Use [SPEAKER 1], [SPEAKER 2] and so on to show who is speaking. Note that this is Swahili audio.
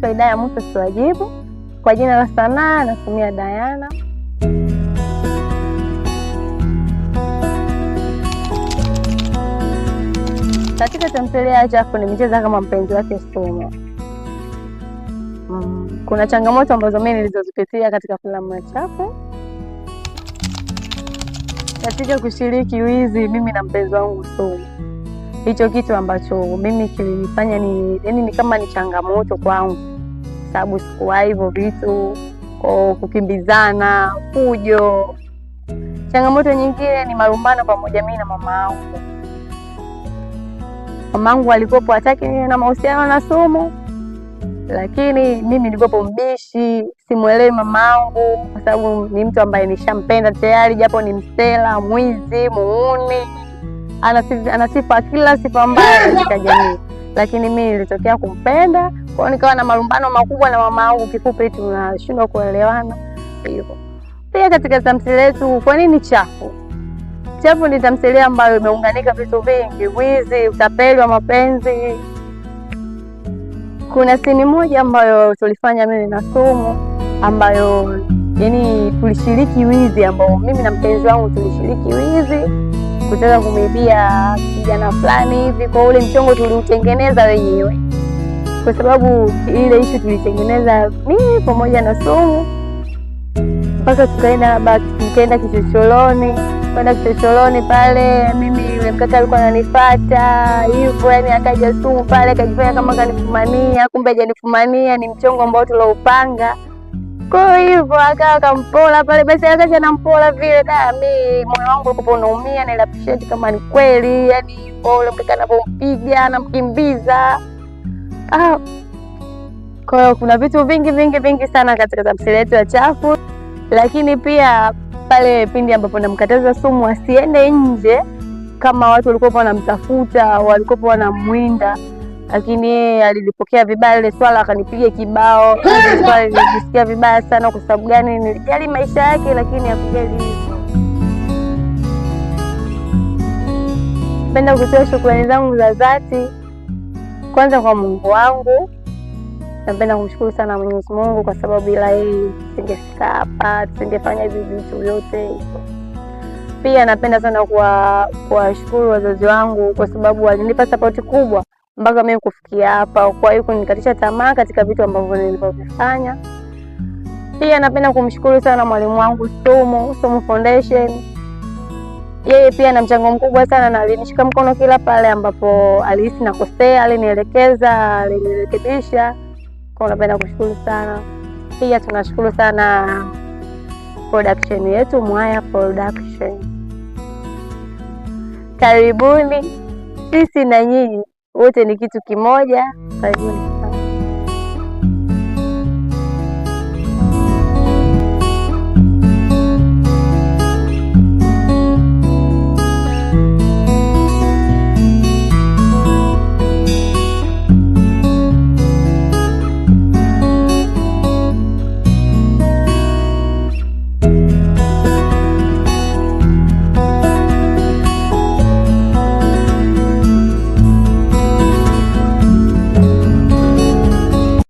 [SPEAKER 1] Naitwa Idaya Musa Siwajibu, kwa jina la sanaa natumia Dayana. Katika tamthilia ya Jafu nimecheza kama mpenzi wake Sumu. Mm, kuna changamoto ambazo mimi nilizozipitia katika filamu ya Chafu. Katika kushiriki wizi mimi na mpenzi wangu Sumu, hicho kitu ambacho mimi kilifanya ni yani, ni kama ni changamoto kwangu sababu sikuwa hivyo vitu o, kukimbizana, fujo. Changamoto nyingine ni marumbano pamoja mimi na mama yangu. Mama yangu alikuwepo hataki niwe na mahusiano na Sumu, lakini mimi nilikuwepo mbishi, simwelewi mama yangu kwa sababu ni mtu ambaye nishampenda tayari, japo ni msela, mwizi, muuni, ana sifa, kila sifa mbaya katika jamii, lakini mimi nilitokea kumpenda kwao, nikawa na malumbano makubwa na mama yangu, kifupi tunashindwa kuelewana hivyo. Pia katika tamthilia yetu, kwa nini chafu? Chafu ni tamthilia ambayo imeunganika vitu vingi, wizi, utapeli wa mapenzi. Kuna sini moja ambayo tulifanya mimi na Sumu ambayo yani tulishiriki wizi ambao mimi na mpenzi wangu tulishiriki wizi kutaka kumibia kijana fulani hivi, kwa ule mchongo tuliutengeneza wenyewe kwa sababu ile ishu tulitengeneza mimi pamoja na Sumu mpaka tukaenda labda tukaenda kichochoroni kwenda kichochoroni pale, mimi yule mkaka alikuwa ananifuata hivyo, yani akaja Sumu pale akajifanya kama kanifumania, kumbe hajanifumania, ni mchongo ambao tuloupanga kwa hivyo akawa kampola pale, basi akaja nampola vile, da mi moyo wangu ulikuwa unaumia, nilapisheti kama ni kweli, yani yule mkaka anapompiga anamkimbiza Ah, kwa hiyo kuna vitu vingi vingi vingi sana katika tafsiri yetu ya chafu, lakini pia pale pindi ambapo namkataza sumu asiende nje, kama watu walikuwa wanamtafuta walikuwa wanamwinda, lakini yeye alilipokea vibaya ile swala, akanipiga kibao. Nilijisikia vibaya sana. Kwa sababu gani? Nilijali maisha yake, lakini hakujali. Napenda kutoa shukrani zangu za dhati kwanza kwa Mungu wangu, napenda kumshukuru sana Mwenyezi Mungu kwa sababu bila yeye tusingefika hapa, tusingefanya hivi vitu vyote. Pia napenda sana kuwashukuru wazazi wangu kwa sababu walinipa sapoti kubwa mpaka mimi kufikia hapa, kwa hiyo kunikatisha tamaa katika vitu ambavyo nilivyovifanya. Pia napenda kumshukuru sana mwalimu wangu Sumu, Sumu Foundation yeye pia na mchango mkubwa sana, na alinishika mkono kila pale ambapo alihisi nakosea, alinielekeza, alinirekebisha. Kwa napenda kushukuru sana. Pia tunashukuru sana production yetu Mwaya Production. Karibuni, sisi na nyinyi wote ni kitu kimoja. Karibuni.